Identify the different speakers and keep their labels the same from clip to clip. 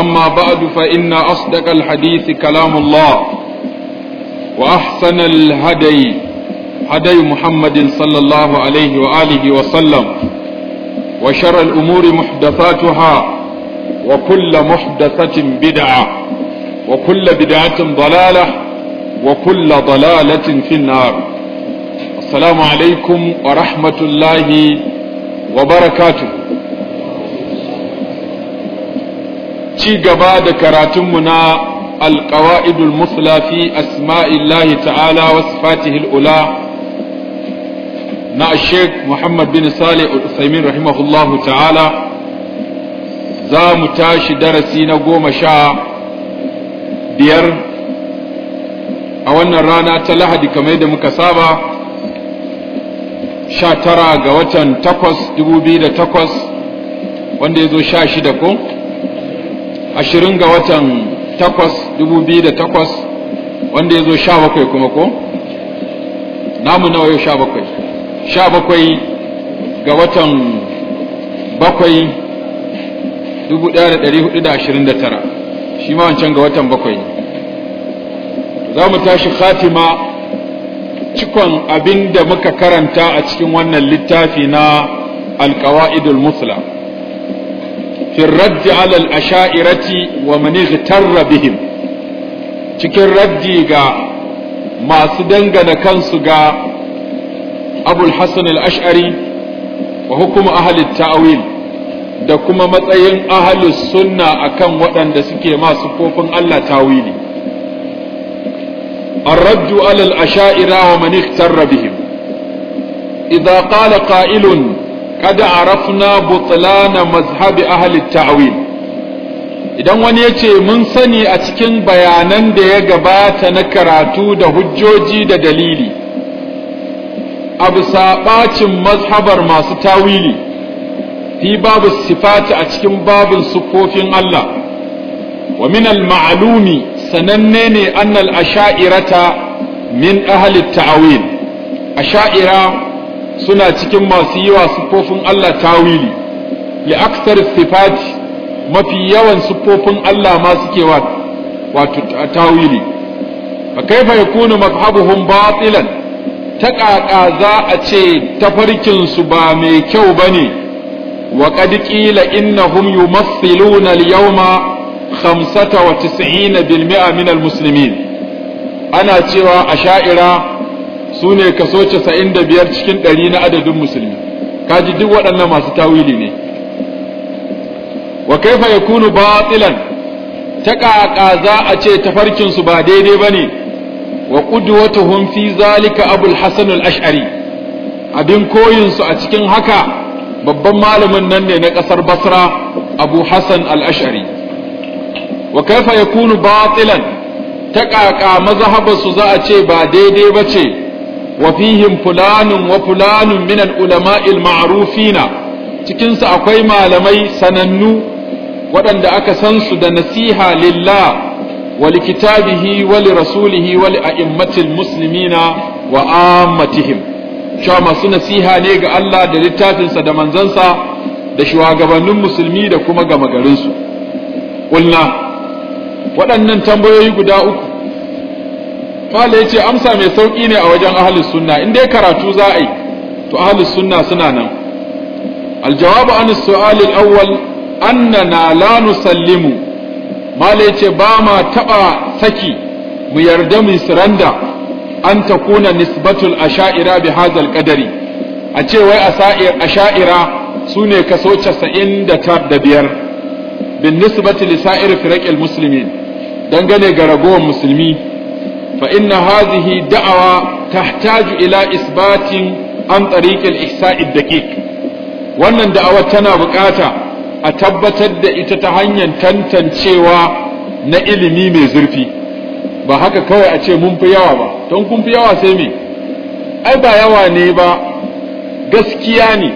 Speaker 1: أما بعد فإن أصدق الحديث كلام الله وأحسن الهدي هدي محمد صلى الله عليه وآله وسلم وشر الأمور محدثاتها وكل محدثة بدعة وكل بدعة ضلالة وكل ضلالة في النار السلام عليكم ورحمة الله وبركاته ci gaba da karatunmu na alƙawa'idul musla fi asma'illahi ta'ala wa sifatihil ula na Sheikh Muhammad bin Saleh Utsaimin rahimahullahu ta'ala za mu tashi darasi na goma sha biyar a wannan rana ta lahadi kamar yadda muka saba sha tara ga watan takwas dubu biyu da takwas wanda ya zo sha shida ko? ashirin ga watan takwas dubu biyu da takwas wanda ya zo sha bakwai kuma ko namu nawa yau sha bakwai sha bakwai ga watan bakwai dubu ɗaya da ɗari hudu da ashirin da tara shi ma wancan ga watan bakwai za mu tashi khatima cikon abin da muka karanta a cikin wannan littafi na alkawa'idul musulam fi raddi alal asha'irati wa man igtarra bihim cikin raddi ga masu dangana kansu ga abul ashari wa hukumu ahli ta'wil da kuma matsayin ahli sunna akan waɗanda suke masu kofin Allah tawili الرد على الأشائر ومن اغتر بهم إذا قال قائل kada a arafna butlana mazhabi ahalin ta'wil idan wani ya ce mun sani a cikin bayanan da ya gabata na karatu da hujjoji da dalili abu saɓacin mazhabar masu tawili fi babu sifati a cikin babin sufofin Allah wa min al-ma'lumi sananne ne annal asha'irata min ahli ta'wil asha'ira suna cikin masu yi wa siffofin Allah tawili li aksar sifati mafi yawan siffofin Allah ma suke wa wato tawili fa kaifa yakunu madhhabuhum batilan ta ƙaƙa za a ce su ba mai kyau bane ne wa ƙadƙila innahum yumathiluna al-yawma khamsata wa tis'ina bil min al-muslimin ana cewa a sha'ira su ne kaso 95 cikin 100 na adadin musulmi kaji duk waɗannan masu tawili ne wa kaifa kunu batilan ta ƙaƙa za a ce tafarkin su ba daidai bane wa wata fi zalika abul hasan ash'ari abin koyinsu a cikin haka babban malamin nan ne na ƙasar basra abu hasan al ash'ari wa kaifa yakunu batilan ta ƙaƙa mazhabar za a ce ba daidai bace وفيهم فلان وفلان من العلماء المعروفين cikin su akwai malamai sanannu waɗanda aka san su da nasiha lillah wa likitabihi wa li rasulihi wa li a'immatil muslimina wa ammatihim cewa masu nasiha ne ga Allah da littafinsa da manzansa da shugabannin musulmi da kuma gama garinsu. Ƙulna waɗannan tambayoyi guda uku ya ce amsa mai sauki ne a wajen ahalis sunna in dai karatu za a yi to ahalis sunna suna nan aljawabu an su'al al-awwal annana la nusallimu mala yace ba ma taɓa saki mu yarda mu siranda. an takuna nisbatul asha'ira bi hadzal qadari a ce wai asha'ira sune kaso biyar. bin nisbati li sa'ir firaqil muslimin dangane ga ragowar musulmi Fa'inna inna hazihi da'awa tahtaju ila isbatin an tariqil ihsa'i daqiq wannan da'awa tana bukata a tabbatar da ita ta hanyar tantancewa na ilimi mai zurfi ba haka kawai a ce mun fi yawa ba don kun fi yawa sai me ai ba yawa ne ba gaskiya ne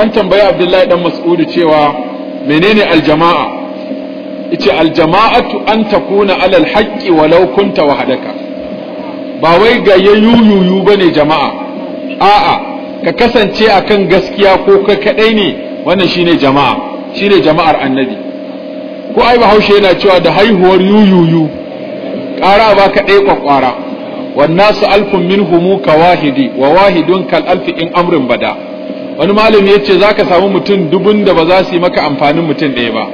Speaker 1: an tambayi abdullahi dan mas'udu cewa menene aljama'a yace aljama'atu an takuna alal hakki wa laukunta wahdaka ba wai ga ya yuyuyu ba ne jama'a a'a ka kasance akan gaskiya ko ka kaɗai ne wannan shine jama'a shine jama'ar annabi ko ai bahaushe yana cewa da haihuwar yuyuyu ƙara ba ka ɗaya kwakwara wannan su alfin min humu ka wahidi wa wahidun kal alfi in amrin bada wani malami ya ce za ka samu mutum dubun da ba za su yi maka amfanin mutum ɗaya ba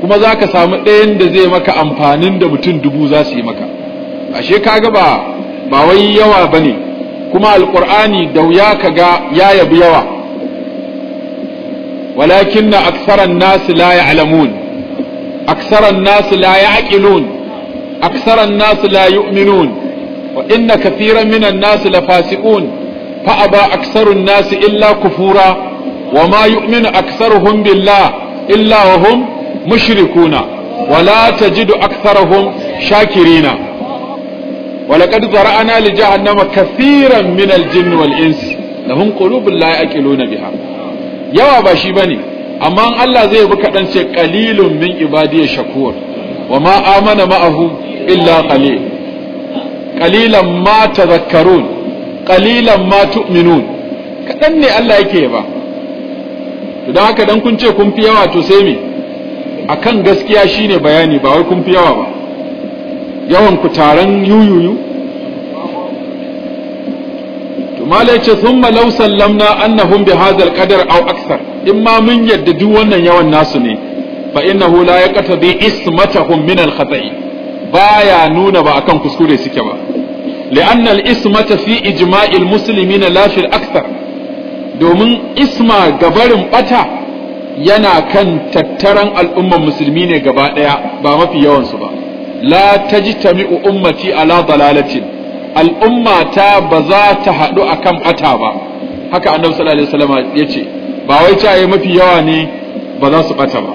Speaker 1: kuma za ka samu ɗayan da zai maka amfanin da mutum dubu za su yi maka ashe ka ga ba ba wai yawa bane kuma Alƙur'ani da wuya ga ya yabi yawa walakin aksaran nasu la alamun, aksaran nasu la ya'qilun aksaran nasu la yu'minun wa inna kathiran minan la fasi'un, fa aba aksarun nasu illa kufura وما يؤمن أكثرهم بالله إلا وهم مشركون ولا تجد أكثرهم شاكرين ولقد ذرأنا لجهنم كثيرا من الجن والإنس لهم قلوب لا يأكلون بها yawa ba shi bane amma Allah zai bi kaɗan ce qalilun min ibadiy shakur wa ma amana ma'ahu illa qalil qalilan ma tadhakkarun qalilan ma tu'minun kaɗan ne Allah yake ba to dan haka dan kun ce kun fi yawa to sai me akan gaskiya shine bayani ba wai kun fi yawa ba yawan ku taron yuyuyu mala ya ce sun malau sallamna annahum bi hadal kadar au aksar in ma mun yadda duk wannan yawan nasu ne fa innahu la yaqtadi ismatahum min al khata'i baya nuna ba akan kuskure suke ba li'anna al ismata fi ijma'il muslimin la fi al aksar domin isma gabarin ɓata yana kan tattaran al'umman musulmi ne gaba ɗaya. ba mafi yawan su ba la tajtami'u ummati ala dalalatin al'umma ta ba za ta haɗu kan ɓata ba haka annabi sallallahu alaihi wasallam ce, ba wai ta mafi yawa ne ba za su ɓata ba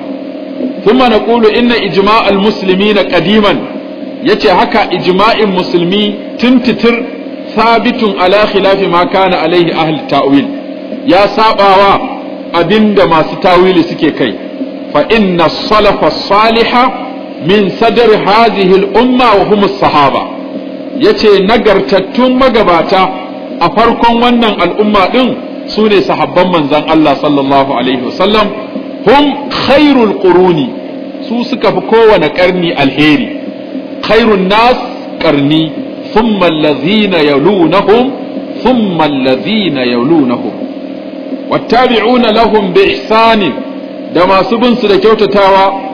Speaker 1: kuma na kulu inna ijma'al musulmi na qadiman yace haka ijma'in musulmi tuntitir sabitun ala khilafi ma kana alaihi ahli ta'wil ya sabawa abinda masu tawili suke kai fa inna salafa salihah min sadar hazihil umma wa humus sahaba yace nagartattun magabata a farkon wannan al'umma din su ne sahabban manzan Allah sallallahu alaihi wasallam hum khairul quruni su suka fi kowane karni alheri khairun nas karni thumma Sun yalunahum thumma allazina yalunahum wattabi'una lahum bi ihsanin da masu bin su da kyautatawa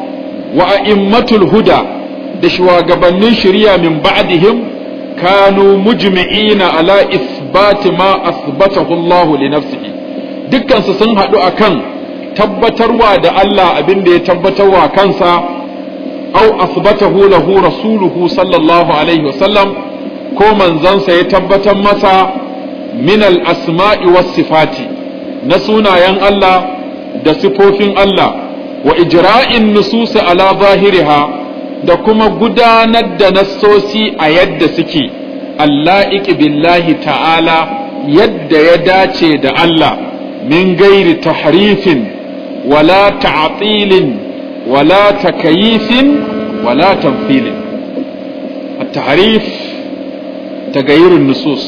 Speaker 1: wa a'immatul huda da shugabannin shirya min ba'adihim kanu mujmi'ina ala isbati ma asbatahu Allah li nafsihi sun haɗu akan tabbatarwa da Allah abin da ya tabbatarwa kansa au asbatahu lahu rasuluhu sallallahu alaihi wasallam ko manzansa ya tabbatar masa min al asma'i was sifati na sunayen Allah da sifofin Allah wa ijra'in nusus ala zahiriha da kuma gudanar da nassosi a yadda suke alla'iki billahi ta'ala yadda ya dace da Allah min gairi tahrifin wala ta'atilin wala takayifin wala tamfilin at-tahrif tagayyurun nusus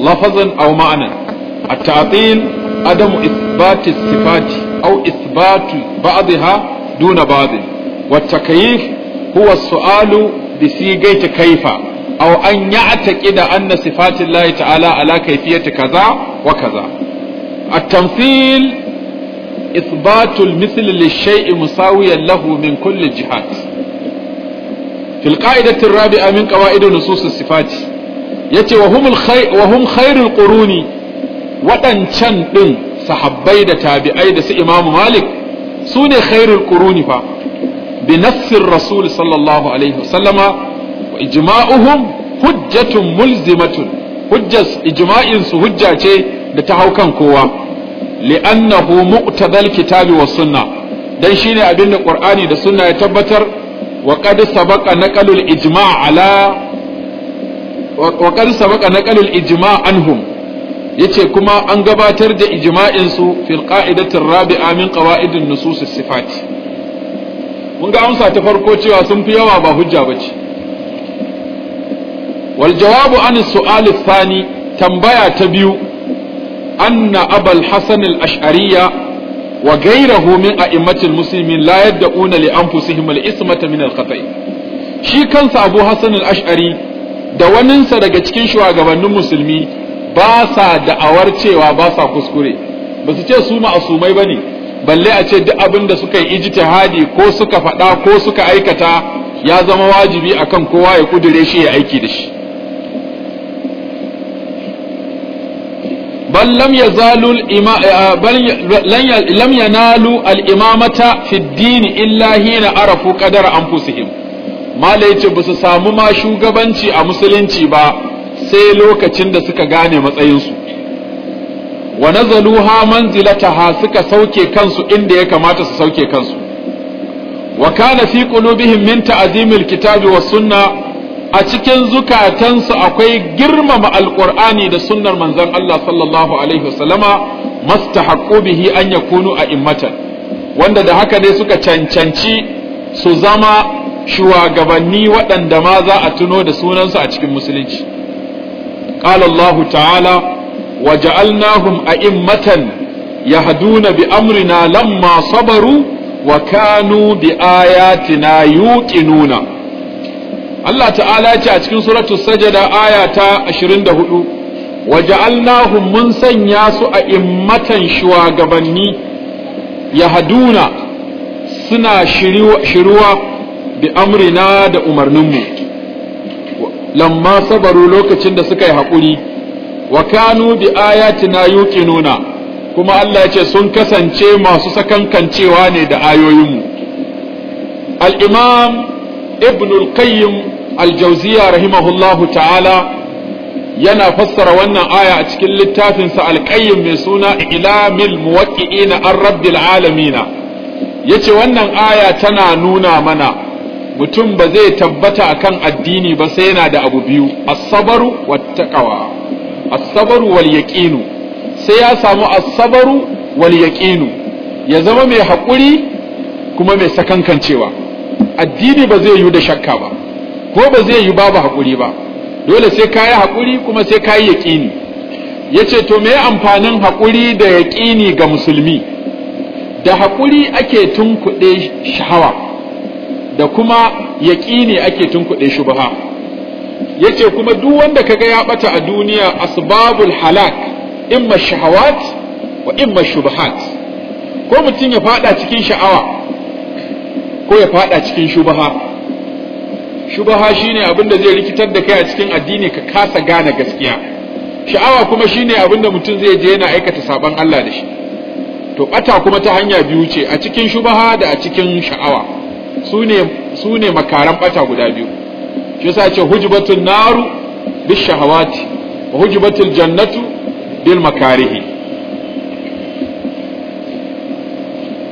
Speaker 1: lafazan aw ma'anan a tatil adamu isbati sifati au isbatu ba'dha duna ba'd wa takyif huwa su'alu bi sigati kaifa aw an ya'taqida anna sifatin Allah ta'ala ala kayfiyati kaza wa kaza at-tamthil إثبات المثل للشيء مساويا له من كل الجهات في القاعدة الرابعة من قواعد نصوص الصفات يتي وهم, الخي وهم خير القرون waɗancan ɗin sahabbai da tabi'ai da su imamu malik su ne khairul Kur'unifa. fa bi nassin rasul sallallahu alaihi wasallama wa ijma'uhum hujjatun mulzimatun hujjar ijma'in su hujja ce da ta hau kan kowa li'annahu muqtadal kitabi wa sunna dan shine abin da qur'ani da sunna ya tabbatar wa qad sabaqa naqalul ijma' ala wa qad sabaqa naqalul ijma' anhum yace kuma an gabatar da ijma'in su fil qa'idatir rabi'a min qawa'idin nususis sifat mun ga amsa ta farko cewa sun fi yawa ba hujja bace wal jawabu an su'al thani tambaya ta biyu anna abul hasan al ash'ariyya wa ghayruhu min a'immatil muslimin la yad'una li anfusihim al ismata min al khata'i shi kansa abu hasan al ash'ari da waninsa daga cikin shugabannin musulmi ba sa da'awar cewa ba sa kuskure ba su ce su ma'asumai ba ne balle a ce duk abin da suka yi ijtihadi ko suka faɗa ko suka aikata ya zama wajibi akan kowa ya kudure shi ya aiki da shi بل لم يزالوا الإمام بل لم ينالوا الإمامة في الدين ma حين عرفوا قدر أنفسهم ما ليت بس samu ma shugabanci a musulunci ba. sai lokacin da suka gane matsayinsu wa manzila manzilataha suka sauke kansu inda ya kamata su sauke kansu wa kana fi qulubihim min ta'zimil kitabi was sunna a cikin zukatansu akwai girmama alqur'ani da sunnar manzon Allah sallallahu alaihi wasallama mastahaqqu bihi an yakunu a'immatan wanda da haka ne suka cancanci su zama shugabanni waɗanda ma za a tuno da sunansu a cikin musulunci قال الله تعالى وجعلناهم أئمة يهدون بأمرنا لما صبروا وكانوا بآياتنا يوقنون Allah ta'ala ce a cikin suratul sajada aya ta 24 waja'alnahum mun sanya su a immatan shugabanni yahaduna suna shiruwa bi'amrina da umarninmu lamma sabaru lokacin da suka yi haƙuri wa kanu bi ayatina yuqinuna kuma Allah ya ce sun kasance masu sakankancewa ne da ayoyinmu al-imam ibn al-qayyim al-jawziya rahimahullahu ta'ala yana fassara wannan aya a cikin littafinsa al-qayyim mai suna ilamil muwaqqi'ina ar-rabbil alamin yace wannan aya tana nuna mana mutum ba zai tabbata akan addini ba sai yana da abu biyu as-sabaru wattaqwa as-sabaru wal yaqinu sai ya samu as-sabaru wal yaqinu ya zama mai hakuri kuma mai sakankancewa addini ba zai yi da shakka ba ko ba zai yi babu hakuri ba dole sai kayi hakuri kuma sai kayi yaqini yace to me amfanin hakuri da yaqini ga musulmi da hakuri ake tunkuɗe shahawa da kuma yaƙini ake tunkuɗe shubha yace kuma duk wanda kaga ya bata a duniya asbabul halak imma shahawat wa imma shubhat ko mutum ya faɗa cikin sha'awa ko ya fada cikin shubha shubha shine abin da zai rikitar da kai a cikin addini ka kasa gane gaskiya sha'awa kuma shine abin da mutum zai je yana aikata saban Allah da shi to ɓata kuma ta hanya biyu ce a cikin shubha da a cikin sha'awa su ne makaran bata guda biyu shi yasa ce hujbatun naru bis shahawati wa hujbatul jannatu bil makarihi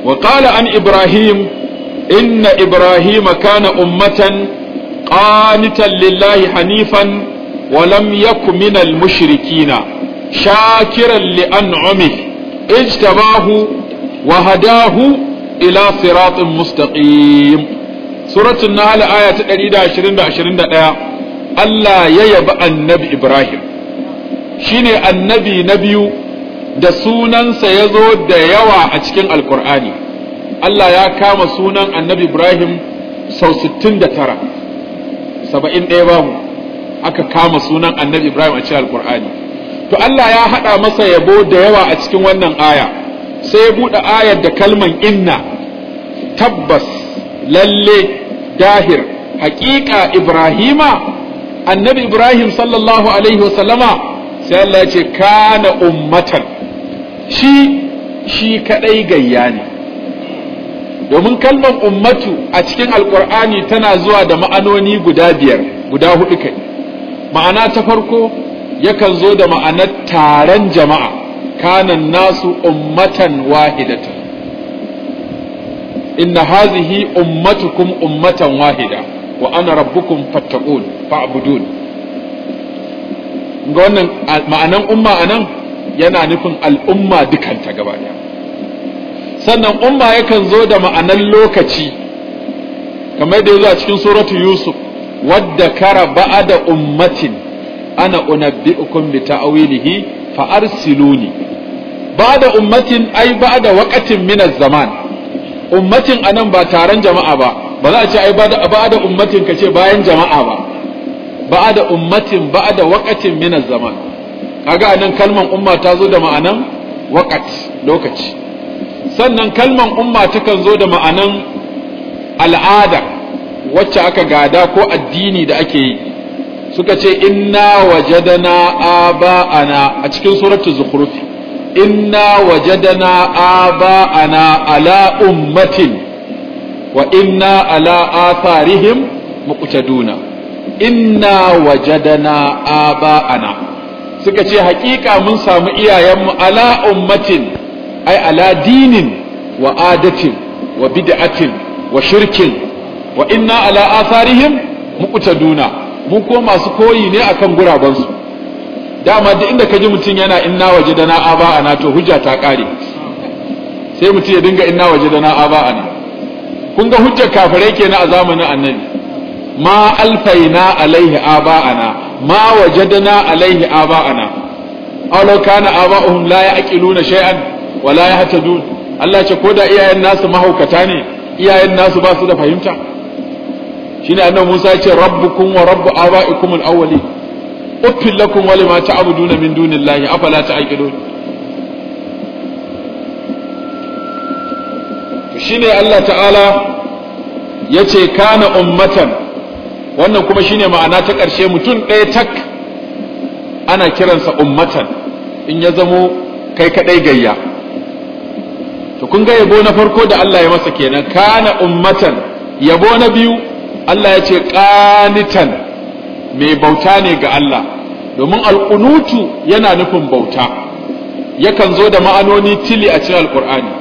Speaker 1: wa qala an ibrahim inna Ibrahim kana ummatan qanitan lillahi hanifan wa lam yakun minal mushrikina shakiran li an'amihi ijtabahu wa hadahu ila siratin mustaqim suratul nahl aya ta 120 da 21 Allah ya yabi annabi Ibrahim shine annabi na biyu da sunansa ya zo da yawa a cikin alkur'ani Allah ya kama sunan annabi Ibrahim sau 69 saba'in ɗaya babu aka kama sunan annabi Ibrahim a cikin alkur'ani to Allah ya haɗa masa yabo da yawa a cikin wannan aya sai ya buɗe ayar da kalman inna tabbas lalle dahir haƙiƙa ibrahima annabi ibrahim sallallahu alaihi wasallama sai Allah ce kana ummatan shi shi kaɗai gayya ne domin kalmar ummatu a cikin alkur'ani tana zuwa da ma'anoni guda biyar guda hudu kai ma'ana ta farko yakan zo da ma'anar taron jama'a kanan nasu ummatan wahidatan إن hazihi أمتكم ummatan wahida وأنا ربكم فاتقون فاعبدون fa'budun ga wannan ma'anan umma anan yana nufin al'umma dukanta gaba daya sannan umma yakan zo da ma'anan lokaci kamar da yazo a cikin suratu yusuf wadda kara ba'ada ummatin ana unabbi'ukum bi ta'wilihi fa arsiluni ba'da ummatin ai ba'da waqatin min zaman ummatin a nan ba taron jama'a ba ba za a ce ai da ummatin ka ce bayan jama'a ba ba'da ummatin ba'da waqatin min zaman kaga anan kalman umma ta zo da ma'anan waqat lokaci sannan kalman umma takan zo da ma'anan al'ada wacce aka gada ko addini da ake yi suka ce inna wajadana aba'ana a cikin suratul zukhruf inna wajadana aba'ana ala ummatin wa inna ala atharihim muqtaduna inna wajadana aba'ana suka ce hakika mun samu iyayenmu ala ummatin ai ala dinin wa adatin wa bid'atin wa shirkin wa inna ala atharihim muqtaduna mun ko masu koyi ne akan gurabansu dama duk inda ka ji mutum yana inna waje da na'a ba ana to hujja ta kare sai mutum ya dinga inna waje da na'a ba ana kun ga hujjar kafirai kenan a zamanin annabi ma alfaina alaihi ana ma wajadana alaihi aba'ana aw law kana aba'uhum la ya'qiluna shay'an wa la yahtadun Allah ce ko da iyayen nasu mahaukata ne iyayen nasu ba su da fahimta shine annabi Musa ya ce rabbukum wa rabbu abaikum al-awwalin uffil lakum wa lima ta'buduna min dunillahi afala ta'qilun to shine Allah ta'ala yace kana ummatan wannan kuma shine ma'ana ta ƙarshe mutum ɗaya tak ana kiransa ummatan in ya zamo kai kadai gayya to kun ga yabo na farko da Allah ya masa kenan kana ummatan yabo na biyu Allah ya ce ƙanitan mai bauta ne ga Allah domin al'kunutu yana nufin bauta yakan zo da ma'anoni tili a cikin alqur'ani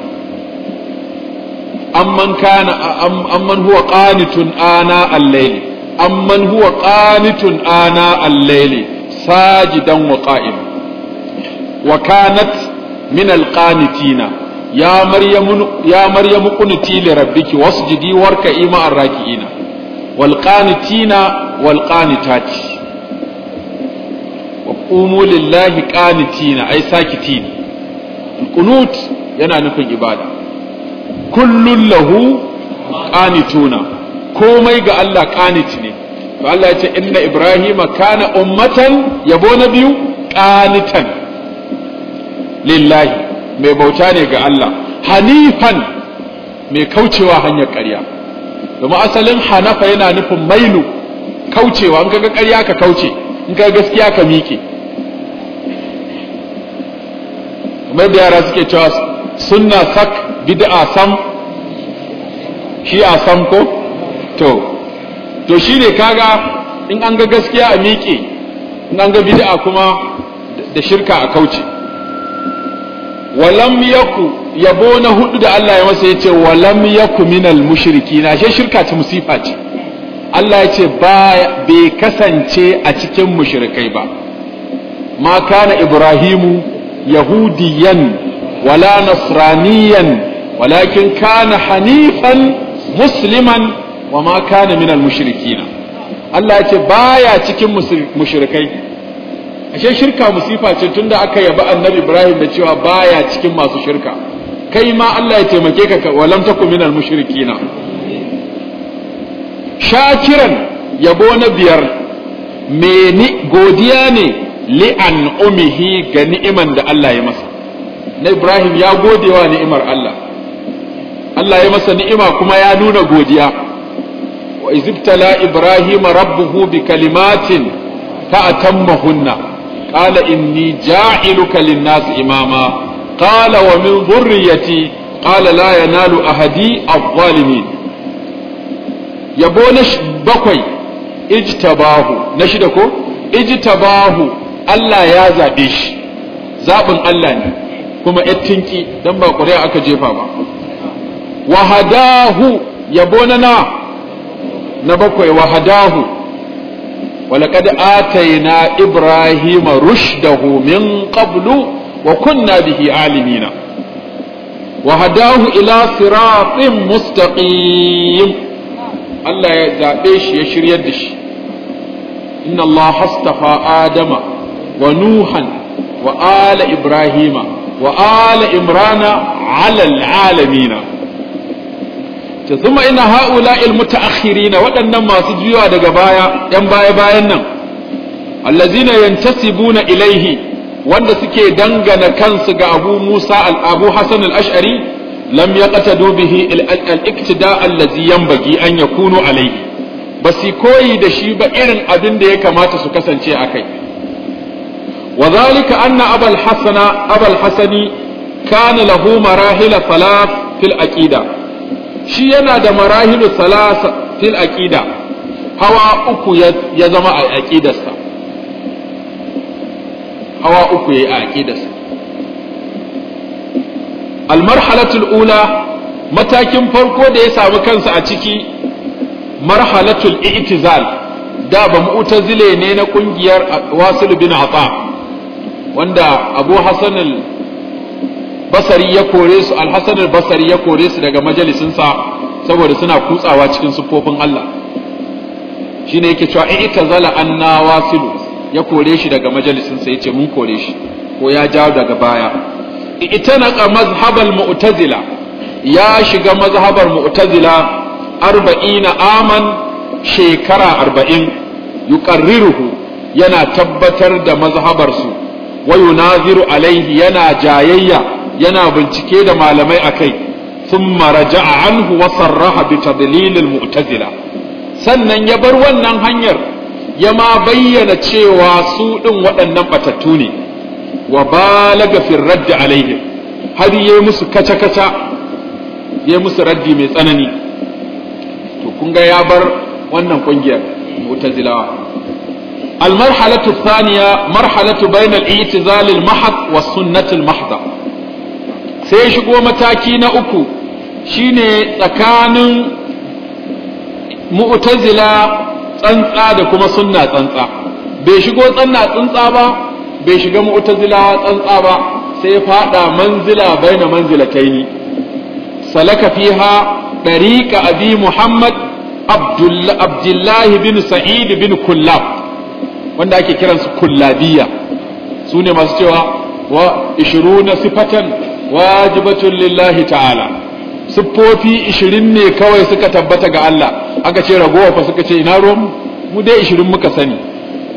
Speaker 1: amman huwa qanitun ana al amman huwa qanitun ana al sajidan wa qa'im wa kanat min al ya maryamu ya maryamu wasu li rabbiki wasjidi raki'ina walƙanitina walƙanitati wa ƙumu lillahi ƙanitina ai sakitini alƙunut yana nufin ibada kullun lahu ƙanituna komai ga Allah ƙanit ne to Allah yace, ce inna ibrahima kana ummatan yabo na biyu ƙanitan lillahi mai bauta ne ga Allah hanifan mai kaucewa hanyar karya. domin asalin hanafa yana nufin mailu kaucewa in kaga ƙarya ka kauce in kaga gaskiya ka miƙe kamar da yara suke cewa sunna sak bid'a sam shi a sam ko to to shine kaga in an ga gaskiya a miƙe in an ga bid'a kuma da shirka a kauce walam yaku yabo na hudu da Allah ya masa yace walam yaku minal mushrikina she shirka ce musifa ce Allah ya ce ba bai kasance a cikin mushrikai ba ma kana ibrahimu yahudiyan wala nasraniyan walakin kana hanifan musliman wa ma kana minal mushrikina Allah ya ce baya cikin mushrikai ashe shirka musifa ce tunda aka yaba annabi ibrahim da cewa baya cikin masu shirka kai ma Allah ya taimake ka walam taku minal mushrikina shakiran yabo na biyar meni godiya ne li an umihi ga ni'iman da Allah ya masa na ibrahim ya gode wa ni'imar Allah Allah ya masa ni'ima kuma ya nuna godiya wa izibtala ibrahim rabbuhu bi kalimatin fa atammahunna قال إني جاعلك للناس إماما قال ومن ذريتي قال لا ينال أهدي الظالمين يبونش بقي اجتباه نشدكو اجتباه الله يا زابيش زاب ألا كما اتنكي دنبا قرية أكجيفا وهداه يبوننا نبقي وهداه ولقد آتينا إبراهيم رشده من قبل وكنا به عالمين وهداه إلى صراط مستقيم الله يزابيش يشير يدش إن الله اصطفى آدم ونوحا وآل إبراهيم وآل إمران على العالمين ta zuma ina ha'ula na waɗannan masu juyawa daga baya ‘yan baya bayan nan allazina buna ilaihi wanda suke dangana kansu ga abu musa abu hasan al'ashari lam ya ƙata dubihi al'iktida allazi yanbagi an ya kuno alaihi ba su koyi da shi ba irin abin da ya kamata su kasance a kai wa zalika anna abal hasana abal hasani kana lahu marahila salaf fil aqida shi yana da marahilu salasa fil aqida hawa uku ya zama a aqidarsa hawa uku yayi a aqidarsa al marhalatul ula matakin farko da ya samu kansa a ciki marhalatul i'tizal da ba mu'tazile ne na kungiyar wasil bin ata wanda abu hasan basari ya kore su alhasan basari ya kore su daga majalisinsa saboda suna kutsawa cikin siffofin Allah shine yake cewa in ita zala anna wasilu ya kore shi daga majalisinsa ce mun kore shi ko ya jawo daga baya ita naqa mazhabal mu'tazila ya shiga mazhabar mu'tazila arba'ina aman shekara arba'in yuqarriruhu yana tabbatar da mazhabarsu wa yunaziru alaihi yana jayayya yana bincike da malamai kai thumma raja'a anhu wa sarraha bi tadlil mu'tazila sannan ya bar wannan hanyar ya ma bayyana cewa su din waɗannan batattu ne wa balaga fi radd alaihim har yi musu kaca kaca yi musu raddi mai tsanani to kun ga ya bar wannan kungiyar mu'tazilawa المرحلة الثانية مرحلة بين الاعتزال المحض والسنة المحضة sai shigo mataki na uku shine tsakanin mu'tazila tsantsa da kuma sunna tsantsa bai shigo tsanna tsantsa ba bai shiga mu'tazila tsantsa ba sai ya fada manzila baina manzilataini salaka fiha dariqa abi muhammad abdullahi bin sa'id bin kullab wanda ake kiransu kullabiya su ne masu cewa wa 20 sifatan wajibatun lillahi ta'ala siffofi 20 ne kawai suka tabbata ga Allah aka ce ragowa fa suka ce ina ruwan mu dai 20 muka sani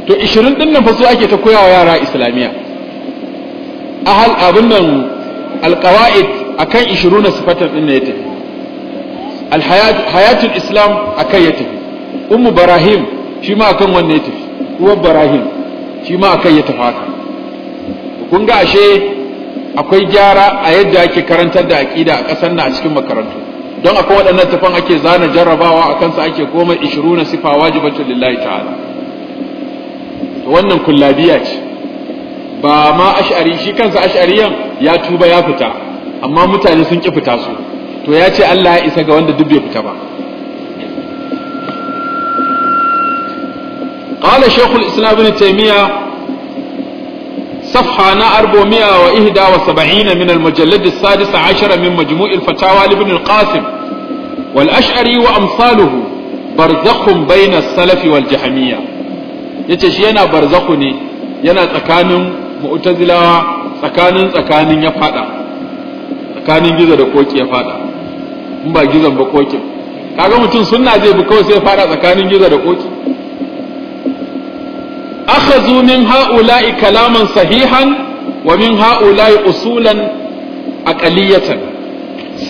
Speaker 1: to 20 din nan fa su ake ta koyawa yara islamiya ahal abin nan alqawaid akan 20 na sifatar din ne ya tafi alhayat hayatul islam akan ya tafi ummu barahim shi ma akan wanne ya tafi uwar barahim shi ma akan ya tafi haka kun ga ashe akwai gyara a yadda ake karantar da aƙida a ƙasar na a cikin makarantu don akwai waɗannan tafan ake zana jarrabawa a kansa ake goma ishiru na sifa wajibatun lillahi ta'ala wannan kullabiya ce ba ma ash'ari shi kansa ash'ariyan ya tuba ya fita amma mutane sun ƙi fita su to ya ce Allah ya isa ga wanda duk bai fita ba قال شيخ الإسلام ابن تيمية صفحة نا أربعمائة وإهدى وسبعين من المجلد السادس عشر من مجموع الفتاوى لابن القاسم والأشعري وأمثاله برزخ بين السلف والجهمية yace yana barzaku ne yana tsakanin mu'tazilawa tsakanin ya fada tsakanin gizo da koki ya fada in ba gizon ba kokin kaga mutum sunna zai bi kawai fada tsakanin gizo da akhadhu min ha'ula'i kalaman sahihan wa min ha'ula'i usulan aqaliyatan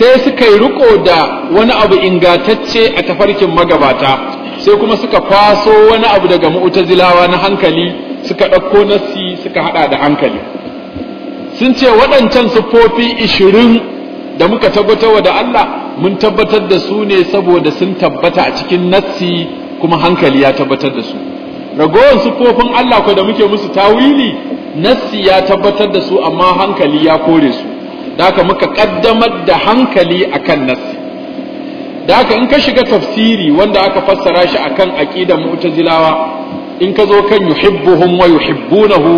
Speaker 1: sai suka yi riko da wani abu ingantacce a tafarkin magabata sai kuma suka faso wani abu daga mu'tazilawa na hankali suka ɗauko nasi suka hada da hankali sun ce waɗancan siffofi ishirin da muka tabbatar da Allah mun tabbatar da su ne saboda sun tabbata a cikin nassi kuma hankali ya tabbatar da su ragowar siffofin Allah ko da muke musu tawili nassi ya tabbatar da su amma hankali ya kore su da haka muka kaddamar da hankali akan nassi da in ka shiga tafsiri wanda aka fassara shi akan aqidar mu'tazilawa in ka zo kan yuhibbuhum wa yuhibbunahu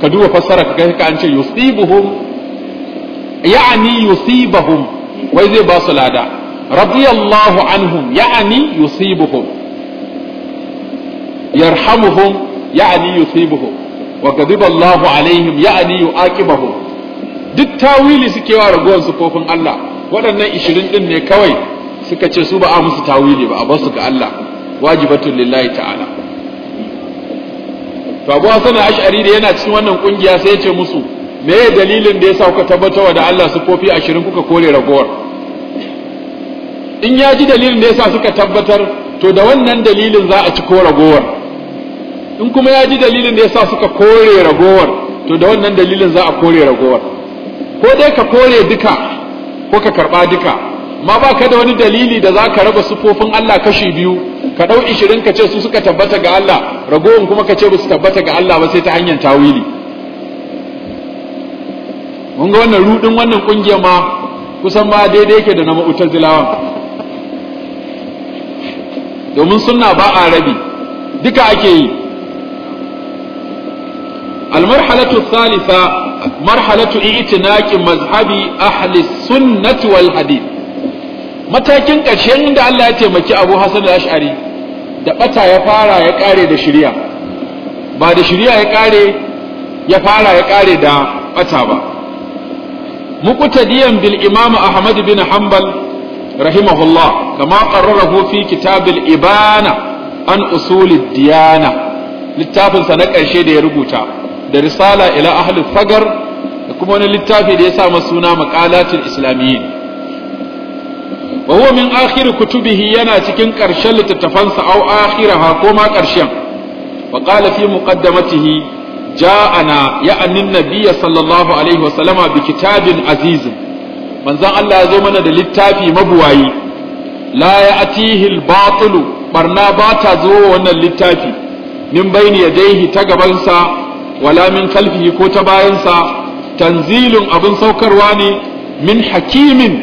Speaker 1: ka duba fassara ka kai ka an ce yusibuhum ya'ni yusibahum wai zai ba su lada radiyallahu anhum ya'ani yusibuhum yarhamuhum ya'ni yusibuhum wa ghadiba Allahu alaihim ya'ni yu'aqibuhum duk tawili suke wa ragowar sufofin Allah waɗannan 20 din ne kawai suka ce su ba a musu tawili ba a bar su ga Allah wajibatun lillahi ta'ala to Abu al Ash'ari da yana cikin wannan kungiya sai ya ce musu me ye dalilin da yasa kuka tabbatar da Allah sufofi 20 kuka kore ragowar in ya ji dalilin da yasa suka tabbatar to da wannan dalilin za a ci ko ragowar in kuma ya ji dalilin da sa suka kore ragowar to da wannan dalilin za a kore ragowar ko dai ka kore duka ko ka karba duka ma ba ka da wani dalili da za ka raba sufofin Allah kashi biyu ka ɗau ishirin ka ce su suka tabbata ga Allah ragowar kuma ka ce ba su tabbata ga Allah ba sai ta hanyar tawili mun ga wannan rudin wannan kungiyar ma kusan ma daidai yake da na mu'tazilawa domin sunna ba a rabi duka ake yi المرحلة الثالثة مرحلة اعتناق مذهب أهل السنة والحديث matakin ƙarshe inda Allah ya taimaki Abu Hassan al-Ash'ari da bata ya fara ya kare da shirya ba da shirya ya kare ya fara ya ƙare da ɓata ba muqtadiyan bil Imam Ahmad bin Hanbal rahimahullah kama qarrarahu fi kitab al-Ibana an usul diyana Littafinsa na ƙarshe da ya rubuta da risala ila ahli fagar da kuma wani littafi da ya sa ma suna maqalatul islamiyyin wa huwa min akhir kutubihi yana cikin ƙarshen littattafansa au akhiraha ko ma ƙarshen wa qala fi muqaddamatihi ja'ana ya'ni an-nabiy sallallahu alaihi wa sallama bi kitabin aziz manzon Allah ya zo mana da littafi mabuwayi la ya'tihi al-batil barna ba ta zo wannan littafi min bayni yadayhi ta gabansa wala min khalfihi ko ta bayansa tanzilun abin saukarwa ne min hakimin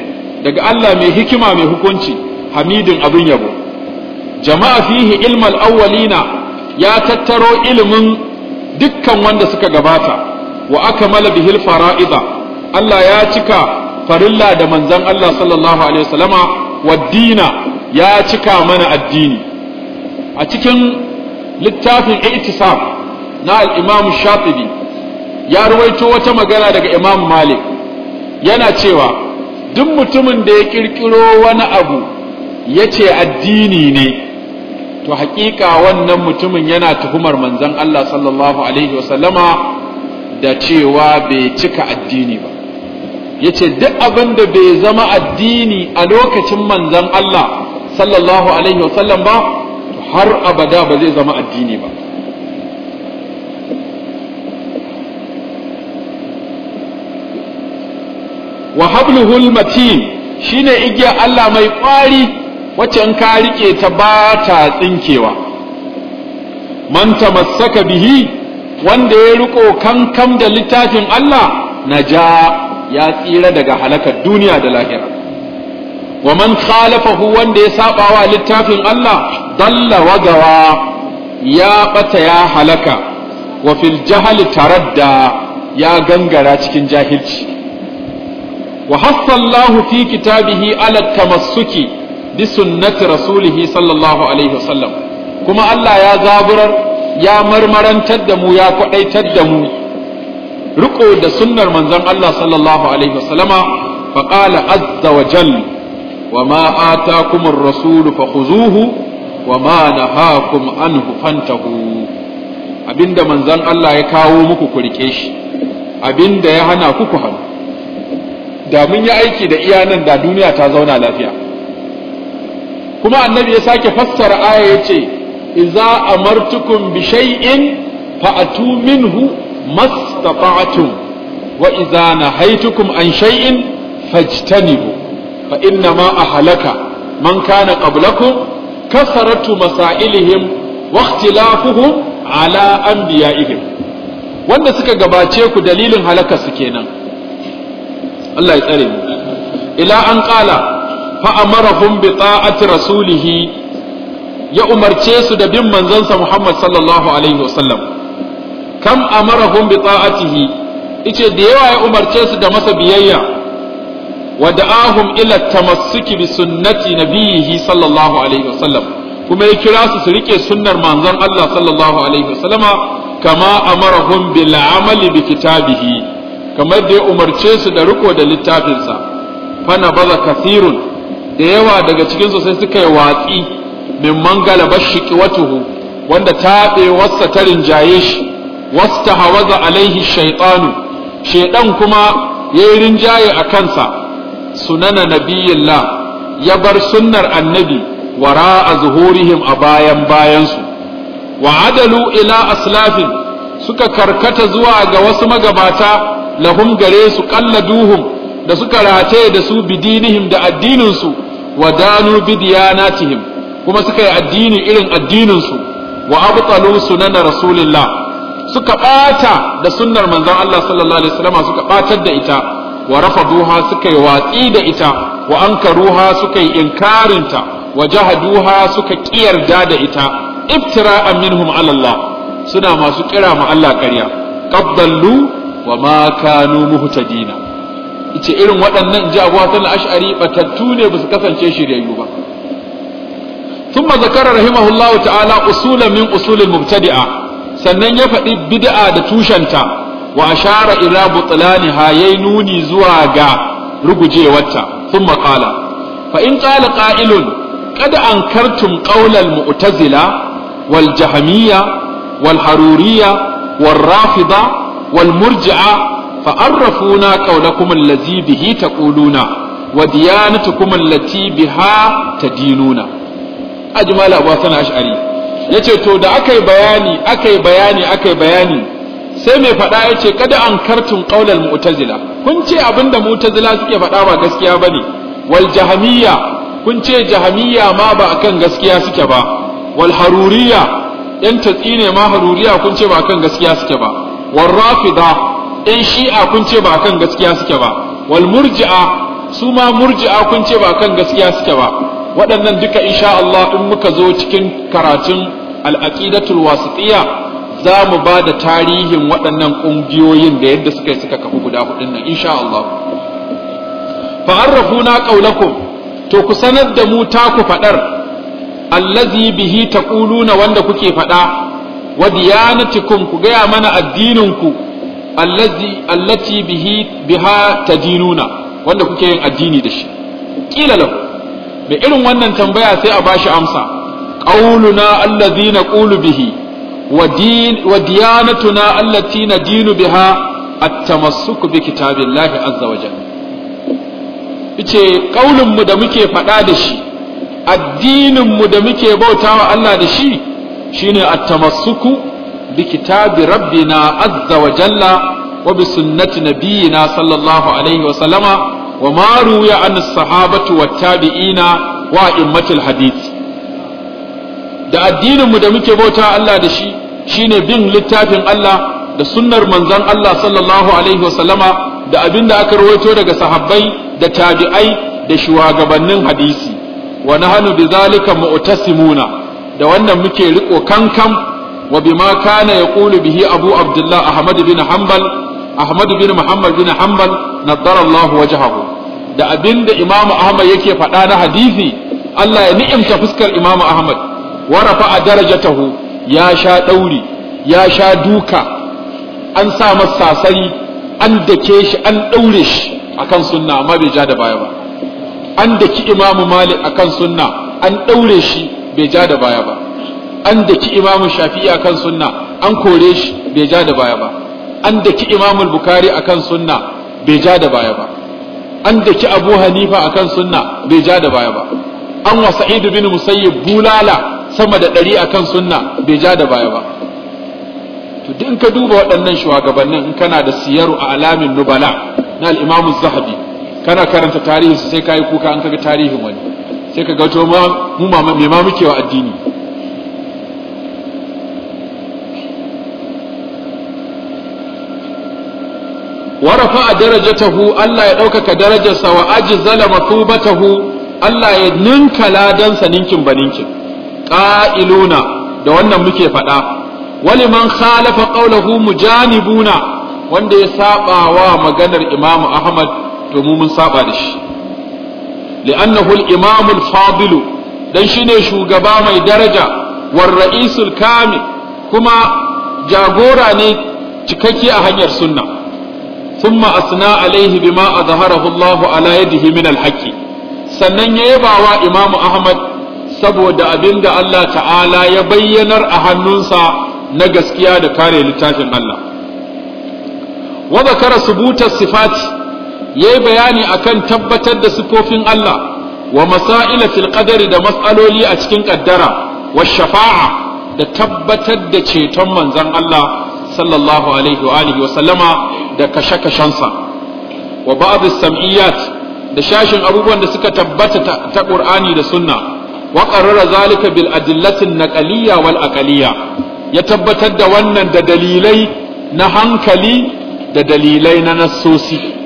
Speaker 1: daga Allah mai hikima mai hukunci hamidin abin yabo jama'a fihi ilmal awwalina ya tattaro ilimin dukkan wanda suka gabata wa akmala bihil fara'ida Allah ya cika farilla da manzon Allah sallallahu alaihi wasallama waddina ya cika mana addini a cikin littafin i'tisab na al-imam shafi'i ya ruwaito wata magana daga imam malik yana cewa duk mutumin da ya ƙirƙiro wani abu ya ce addini ne to haƙiƙa wannan mutumin yana tuhumar manzon Allah sallallahu alaihi wasallama da cewa bai cika addini ba yace duk abin da bai zama addini a lokacin manzon Allah sallallahu alaihi wasallam ba har abada ba zai zama addini ba wa habluhul matin shine igiya Allah mai kwari wacce in ka rike ta ba ta tsinkewa man tamassaka bihi wanda ya riko kankam da littafin Allah naja ya tsira daga halakar duniya da lahira wa man khalafahu wanda ya saba wa littafin Allah dalla wagawa ya bata ya halaka wa fil jahali taradda ya gangara cikin jahilci wa hassallahu fi kitabihi ala tamassuki bi sunnati rasulihi sallallahu alaihi wasallam kuma Allah ya zaburar ya marmarantar da ya kwadaitar da mu riko da sunnar manzon Allah sallallahu alaihi wasallama fa qala azza wa jalla wa ma atakumur rasulu fakhuzuhu wa ma nahakum anhu fantahu abinda manzon Allah ya kawo muku ku rike shi abinda ya hana ku ku hannu da mun yi aiki da iya nan da duniya ta zauna lafiya kuma annabi ya sake fassara aya ya ce iza amartukum bi shay'in fa'atu minhu mastata'tum wa iza nahaytukum an shay'in fajtanibu fa inna ma ahlaka man kana qablakum kasaratu masailihim wa ikhtilafuhum ala anbiya'ihim wanda suka gabace ku dalilin halaka su kenan Allah ya tsare mu ila an qala fa amarahum bi ta'ati rasulih ya umarce su da bin manzansa Muhammad sallallahu alaihi wasallam kam amarahum bi ta'atihi ice da yawa ya umarce su da masa biyayya wa da'ahum ila tamassuki bi sunnati nabiyhi sallallahu alaihi wasallam kuma ya kira su su rike sunnar manzon Allah sallallahu alaihi wasallama kama amarahum bil amali bi kitabihi kamar da ya umarce su da riko da littafinsa fana baza kathirun da yawa daga cikin sai suka yi watsi min mangala bashiki watuhu wanda taɓe wasa ta rinjaye shi wasta hawaza alaihi shaitanu shaidan kuma ya yi rinjaye a kansa sunana La, ya bar sunnar annabi wara a zuhurihim a bayan bayansu wa adalu ila aslafin suka karkata zuwa ga wasu magabata lahum gare su duhun da suka race da su bidinihim da addininsu wa danu bidiyanatihim kuma suka yi addini irin addininsu wa abtalu na rasulillah suka bata da sunnar manzon Allah sallallahu alaihi wasallam suka batar da ita wa rafaduha suka yi watsi da ita wa ankaruha suka yi inkarinta wa jahaduha suka kiyarda da ita iftira'an minhum ala Allah suna masu kira ma Allah ƙarya qaddallu wa ma kanu muhtadina ice irin waɗannan ji Abu Hasan al-Ash'ari batattu ne ba su kasance shiryayyu ba ثم Zakarar رحمه ta'ala usulan min usulin mubtadi'a sannan ya faɗi bid'a da tushenta wa ashara ila butlani hayai nuni zuwa ga rugujewarta thumma qala fa in qala qa'ilun qad ankartum qawla mutazila wal jahmiyya wal haruriyya wal rafida wal murji'a فعرفونا قولكم الذي به تقولون وديانتكم التي بها تدينون أجمال أبو حسن أشعري yace to da yi bayani akai bayani akai bayani sai mai faɗa yace kada an kartun ƙaunar mu'tazila kun ce abinda mu'tazila suke faɗa ba gaskiya bane wal jahamiyya kun ce jahamiyya ma ba kan gaskiya suke ba wal haruriya yan tatsi ne ma haruriya kun ce ba akan gaskiya suke ba warrafida rafida in shi'a kun ce ba kan gaskiya suke ba wal murji'a su ma murji'a kun ce ba kan gaskiya suke ba waɗannan duka insha Allah in muka zo cikin karatun al-aqidatul wasitiyya za mu ba da tarihin waɗannan ƙungiyoyin da yadda suka yi suka kafu guda hudun nan insha Allah arrafuna qaulakum to ku sanar da mu ta ku fadar allazi bihi taquluna wanda kuke fada wa diyanatikum ku gaya mana addininku allazi allati bihi biha tadinuna wanda kuke yin addini da shi kila lahu da irin wannan tambaya sai a bashi amsa qauluna na qulu bihi wa din wa diyanatuna allati nadinu biha at-tamassuk bi kitabillahi azza wa jalla ice qaulun mu da muke faɗa da shi addinin mu da muke bautawa Allah da shi shine at-tamassuku bi kitabi rabbina azza wa jalla wa bi sunnati nabiyyina sallallahu alaihi wa sallama wa ma ruwiya an sahabatu wa tabi'ina wa immatul hadith da addinin mu da muke bauta Allah da shi shine bin littafin Allah da sunnar manzon Allah sallallahu alaihi wa sallama da abinda aka rawaito daga sahabbai da tabi'ai da shugabannin hadisi wa nahnu bi zalika mu'tasimuna da wannan muke riko kankan wa bima kana yaqulu bihi abu abdullah ahmad bin hanbal ahmad bin muhammad bin hanbal naddara allah wajhahu da abinda imamu ahmad yake faɗa na hadisi Allah ya ni'imta fuskar imamu ahmad wa rafa'a darajatahu ya sha dauri ya sha duka an sa masa sasari an dake shi an daure shi akan sunna amma bai ja da baya ba an daki imamu malik akan sunna an daure shi bai ja da baya ba an daki imamu shafi'i akan sunna an kore shi bai ja da baya ba an daki imamu Bukhari akan sunna bai ja da baya ba an daki abu hanifa akan sunna bai ja da baya ba an wa sa'idu bin musayyib bulala sama da ɗari akan sunna bai ja da baya ba to duk ka duba waɗannan shugabannin in kana da siyaru a alamin nubala na al-imamu zahabi kana karanta tarihinsu sai kayi kuka an kaga tarihin wani sai ka gato mu mai ma muke wa addini wa daraja darajatahu Allah ya ɗaukaka darajarsa wa ajzala matubatahu Allah ya ninka ladan ninkin baninkin qailuna da wannan muke fada waliman khalafa qawluhu mujanibuna wanda ya saba wa maganar Imam Ahmad to mu mun saba da shi li'annahu al-imam al-fadil dan shine shugaba mai daraja war ra'isul kamil kuma jagora ne cikakke a hanyar sunna thumma asna alaihi bima azharahu Allah ala yadihi min al sannan ya yabawa imam ahmad saboda abinda Allah ta'ala ya bayyanar a hannunsa na gaskiya da kare littafin Allah wa su subuta sifati yi bayani akan tabbatar da sifofin Allah wa masaila qadari da mas'aloli a cikin ƙaddara wa shafa'a da tabbatar da ceton manzon Allah sallallahu alaihi wa alihi wa sallama da kashe-kashensa wa ba'd da shashin abubuwan da suka tabbata ta ƙur'ani da Sunna wa qarrara zalika bil adillatin naqaliyya wal aqaliyya ya tabbatar da wannan da dalilai na hankali da dalilai na nassosi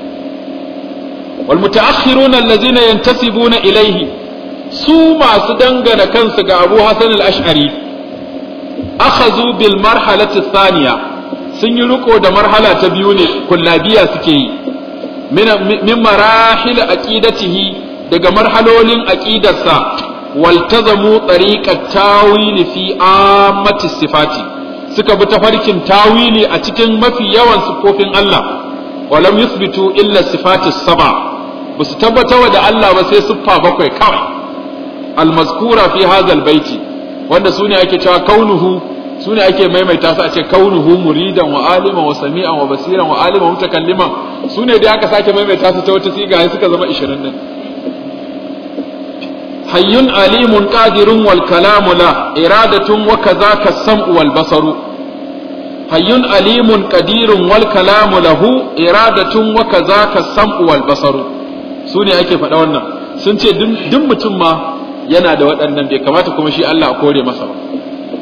Speaker 1: wal mutaakhiruna allazina na ilaihi su masu dangana kansu ga Abu Hasan al-Ash'ari akhazu bil marhalati thaniya sun yi riko da marhala ta biyu ne kullabiya suke yi min marahil aqidatihi daga marhalolin aqidarsa waltazamu tariqat tawili fi ammati sifati suka bi tafarkin tawili a cikin mafi yawan sifofin Allah walam yusbitu illa sifati saba ba su tabbatarwa da Allah ba sai siffa bakwai kawai almazkura fi hazal baiti wanda su ne ake cewa kaunuhu su ne ake maimaita su a ce kaunuhu muridan wa aliman wa sami'an wa basiran wa aliman wa mutakalliman su ne dai aka sake maimaita su ta wata siga ya suka zama 20 din hayyun alimun qadirun wal kalamu la iradatun wa kadhaka sam'u wal basaru hayyun alimun qadirun wal kalamu lahu iradatun wa kadhaka sam'u wal basaru su ne ake faɗa wannan sun ce duk mutum ma yana da waɗannan bai kamata kuma shi Allah a kore masa ba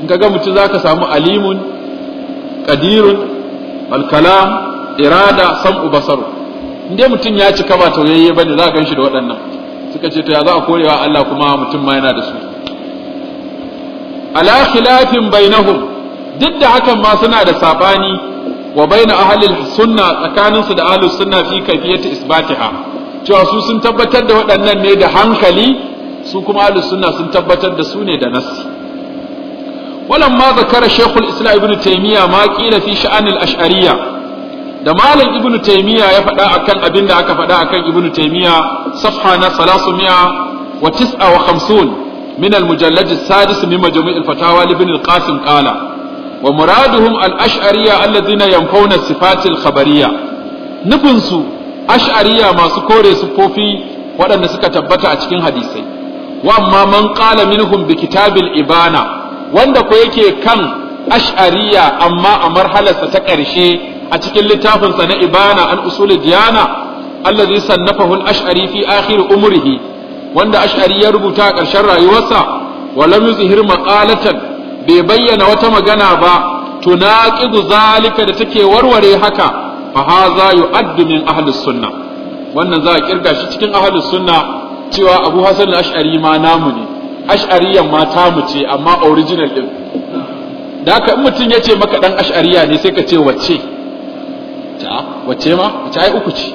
Speaker 1: in ka ga mutum za ka samu alimun qadirun alkalam irada sam'u basaru in dai mutum ya cika ba tauyayye bane za ka ganshi da waɗannan suka ce to ya za a korewa Allah kuma mutum ma yana da su ala khilafin bainahum duk da hakan ma suna da sabani wa baina ahli sunna tsakaninsu da ahli sunna fi kafiyati isbatiha cewa su sun tabbatar da waɗannan ne da hankali su kuma ahlus sunna sun tabbatar da su ne da nassi ma zakara shaykhul islam ibnu taymiya ma qila fi sha'anil ash'ariyya da malam ibnu taymiya ya faɗa akan abin da aka faɗa akan ibnu taymiya safha na 359 min al-mujallad as-sadis min majmu' al-fatawa li ibn al-qasim qala wa muraduhum al-ash'ariyya alladhina yanfawna sifat al-khabariyya nufin ash'ariya masu kore sufofi waɗanda suka tabbata a cikin hadisai wa amma man qala minhum bi kitabil ibana wanda ko yake kan ash'ariya amma a marhalarsa ta ƙarshe a cikin littafinsa na ibana an usul diyana allazi sannafahu al-ash'ari fi akhir umrihi wanda ash'ari ya rubuta a ƙarshen rayuwarsa wa lam yuzhir maqalatan bai bayyana wata magana ba tunaqidu zalika da take warware haka fa haza yu'addu min ahli sunna wannan za a kirga shi cikin ahli sunna cewa Abu Hasan al-Ash'ari ma namu ne ash'ariyan ma tamu ce amma original din da haka in mutum ya ce maka dan ash'ariya ne sai ka ce wacce ta wacce ma ta ai uku ce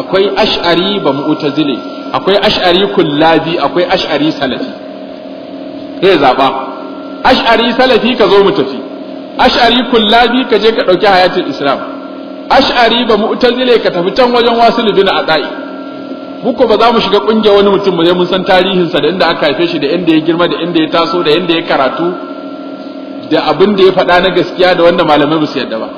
Speaker 1: akwai ash'ari ba mu'tazili akwai ash'ari kullabi akwai ash'ari salafi sai zaba ash'ari salafi ka zo mu tafi ash'ari kullabi ka je ka dauki hayatul islam ash'ari ba mu'tazile ka tafi can wajen wasil bin adai muku ba za mu shiga kungiyar wani mutum ba mun san tarihin sa da inda aka haife shi da inda ya girma da inda ya taso da inda ya karatu da abin da ya faɗa na gaskiya da wanda malamai ba su yadda ba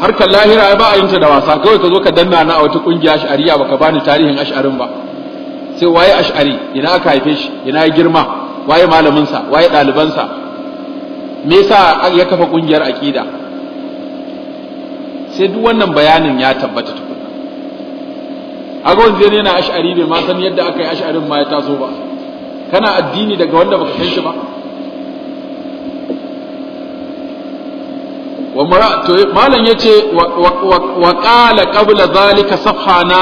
Speaker 1: harkar lahira ba a yin ta da wasa kawai ka zo ka danna na a wata kungiya ash'ariya ka bani tarihin ash'arin ba sai waye ash'ari ina aka haife shi ina ya girma waye malaminsa waye ɗalibansa me yasa ya kafa ƙungiyar aƙida sai duk wannan bayanin ya tabbata tukuna aga wanda zai yana ash'ari bai ma san yadda aka yi ash'arin ma ya taso ba kana addini daga wanda baka san shi ba wa mara to malam yace wa qala qabla zalika safhana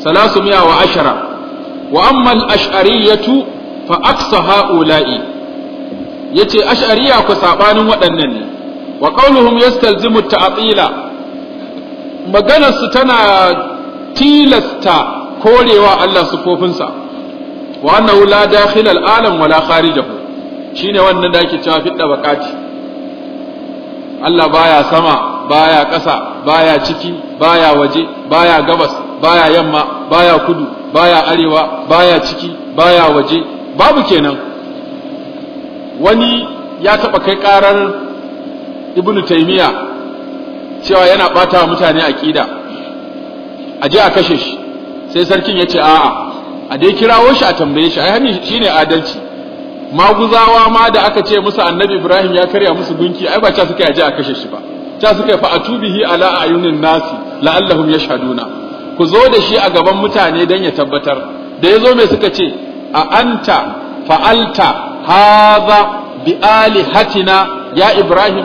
Speaker 1: 310 wa amma al-ash'ariyatu fa aksa ha'ula'i yace ash'ariya ku sabanin waɗannan ne wa qawluhum yastalzimu ta'tila maganar su tana tilasta korewa Allah sufofinsa wa annahu la dakhil alam wala kharijahu shine wannan da ake cewa fiɗa bakati Allah baya sama baya ƙasa baya ciki baya waje baya gabas baya yamma baya kudu baya arewa baya ciki baya waje babu kenan wani ya taɓa kai ƙarar ibn taimiya cewa yana ɓata wa mutane aƙida a je a kashe shi sai sarkin ya ce a'a a dai kirawo shi a tambaye shi ai hani shine adalci maguzawa ma da aka ce musu annabi ibrahim ya karya musu gunki ai ba ca suka yaje a kashe shi ba ca suka fa atubihi ala ayunin nasi la'allahum yashhaduna ku zo da shi a gaban mutane dan ya tabbatar da yazo me suka ce a anta fa'alta haza bi Ali, Hatina, ya ibrahim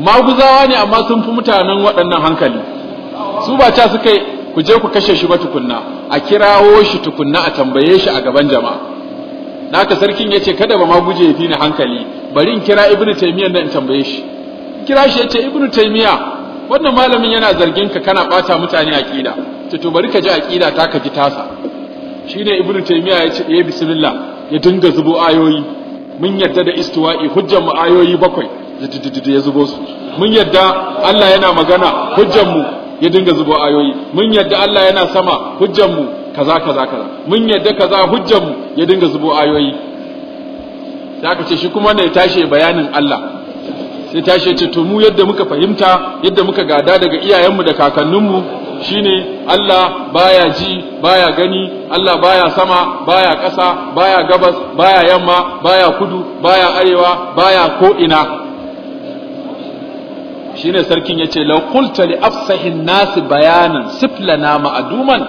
Speaker 1: maguzawa ne amma sun fi mutanen waɗannan hankali su ba ta suka ku je ku kashe shi ba tukunna a kirawo shi tukunna a tambaye shi a gaban jama'a naka sarkin ya ce, kada ba maguje ya fi ni hankali bari in kira Ibn taymiyyah nan tambaye shi kira shi ya ce, Ibn taymiyyah wannan malamin yana zargin ka kana ɓata mutane ƙida? to to bari ka ji a ƙida ta ka ji tasa shine ibnu taymiya ya ce ya eh, bismillah ya dinga zubo ayoyi mun yadda da istiwa'i hujjar mu ayoyi bakwai ya zubo su mun yadda Allah yana magana hujjar mu ya dinga zubo ayoyi mun yadda Allah yana sama hujjar mu kaza kaza kaza mun yadda kaza hujjar mu ya dinga zubo ayoyi sai aka ce shi kuma ne tashi bayanin Allah sai tashi ce to mu yadda muka fahimta yadda muka gada daga iyayenmu da kakanninmu shine Allah baya ji baya gani Allah baya sama baya ƙasa baya gabas baya yamma baya kudu baya arewa baya ko ina shine sarkin yace law qulta li afsahin nas bayanan siflana ma'duman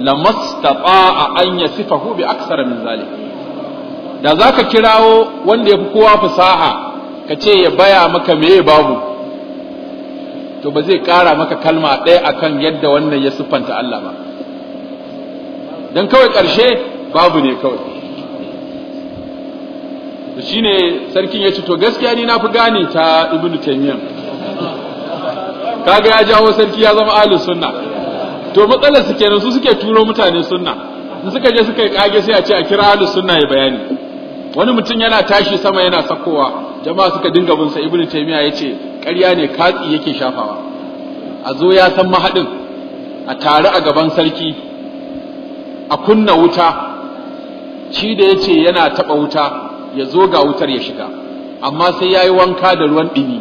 Speaker 1: lamastata'a an yasifahu bi aksara min zalik da zaka kirawo wanda yafi kowa fasaha kace ya baya maka meye babu to ba zai kara maka kalma ɗaya akan yadda wannan ya siffanta Allah ba Don kawai ƙarshe babu ne kawai da shi ne sarkin ya ce to gaskiya ni na fi gane ta ibn taymiyyah kaga ya jawo sarki ya zama ahlus sunna to matsalar su kenan su suke turo mutane sunna in suka je suka kage sai a ce a kira ahlus sunna ya bayani wani mutum yana tashi sama yana sakowa jama'a suka dinga bin sa ibnu taymiya yace ƙarya ne katsi yake shafawa a zo ya san mahadin a tare a gaban sarki a kunna wuta shi da yace yana taba wuta ya zo ga wutar ya shiga amma sai yayi wanka da ruwan dini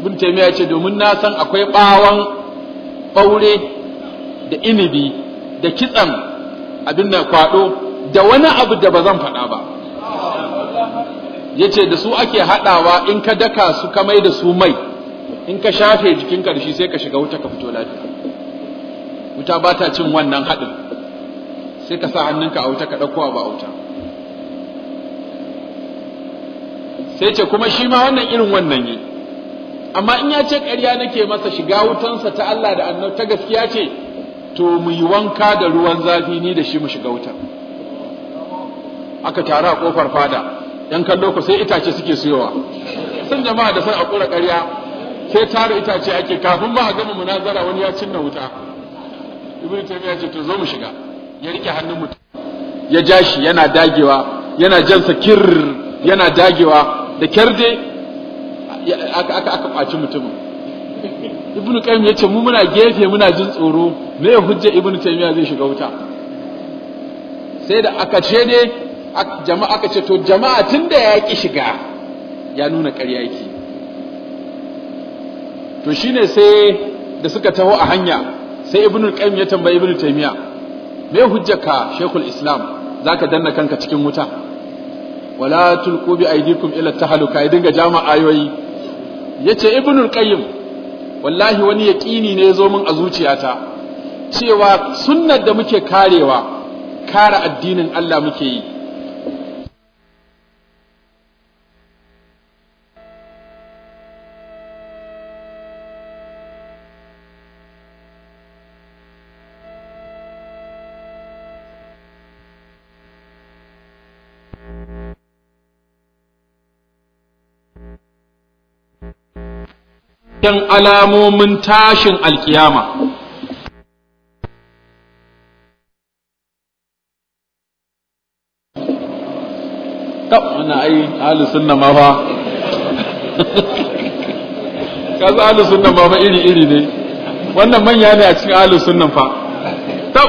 Speaker 1: ibnu taymiya yace domin na san akwai bawan baure da inibi da kitsan abin da kwado da wani abu da ba zan faɗa ba yace da su ake haɗawa in ka daka su ka mai da su mai in ka shafe jikin karshe sai ka shiga wuta ka fito lafiya wuta ba ta cin wannan haɗin sai ka sa hannunka a wuta ka dauko ba a wuta sai ce kuma shi ma wannan irin wannan yi amma in ya ce ƙarya nake masa shiga wutansa ta Allah da annabi ta gaskiya ce to mu yi wanka da ruwan zafi ni da shi mu shiga wutar aka tara a kofar fada yan kallo ku sai itace suke siyowa sun jama'a da san a kura ƙarya sai tara itace ake kafin ba a gama munazara wani ya cinna wuta ibnu taymiya ce to zo mu shiga ya rike hannun mutum ya ja shi yana dagewa yana jan kir yana dagewa da kyar dai aka aka aka kwaci mutumin ibnu qayyim yace mu muna gefe muna jin tsoro me hujja ibnu taymiya zai shiga wuta sai da aka ce ne. jama'a aka ce to jama'a tun da ya shiga ya nuna ƙarya yake to shine sai da suka taho a hanya sai ibnul qayyim ya tambayi ibnul taymiya me hujjaka shaykhul islam zaka danna kanka cikin wuta wala tulqu bi aydikum ila tahaluka ya dinga jama ayoyi yace ibnul qayyim wallahi wani yaqini ne yazo min a zuciyata cewa sunnar da muke karewa kare addinin Allah muke yi dan alamomin tashin alkiyama Ta ana ai ahli sunna ma fa kaza ahli sunna ma fa iri iri ne wannan manya ne a cikin ahli sunna fa Ta,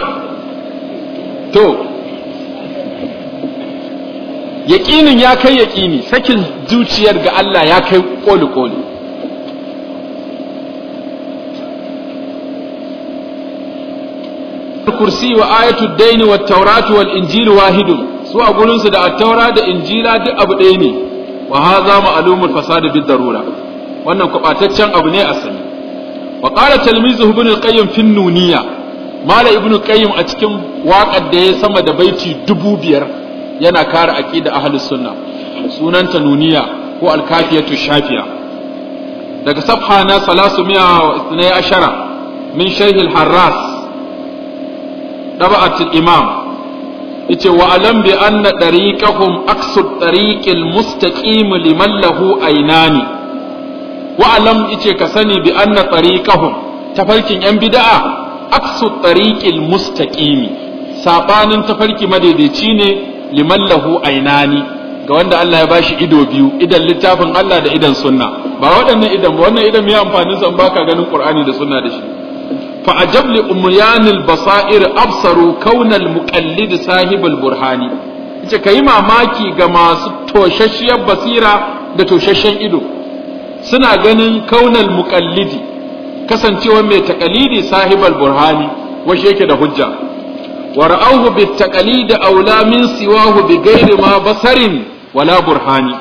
Speaker 1: to yaƙinin ya kai yaƙini sakin zuciyar ga Allah ya kai ƙoli-ƙoli kursi wa ayatu daini wa tauratu wal injilu su a gurinsu da attaura da injila duk abu ɗaya ne wa hadha ma'lumul fasad bid darura wannan kubataccen abu ne a sani wa qala talmizuhu ibn al-qayyim fi nuniya mala ibn al a cikin waƙar da ya yi sama da baiti dubu biyar yana kare aqida ahlus sunna sunanta nuniya ko al-kafiyatu shafiya daga safha na 312 min shaykh al daba'atul imam yace wa alam bi anna dariqahum aksu dariqil mustaqim liman lahu aynani wa alam yace ka sani bi anna dariqahum tafarkin yan bid'a aksu dariqil mustaqim sabanin tafarki madaidaici ne liman lahu aynani ga wanda Allah ya bashi ido biyu idan littafin Allah da idan sunna ba waɗannan idan ba wannan idan mai amfanin san baka ganin Qur'ani da sunna da shi fa ajab li umyanil basair absaru kaunal muqallid sahibul burhani yace kai mamaki ga masu toshashiyar basira da toshashen ido suna ganin kaunal muqallidi kasancewa mai taqalidi sahibul burhani washe yake da hujja wa ra'awhu bit taqalidi aula min siwahu bi ghairi ma basarin wala burhani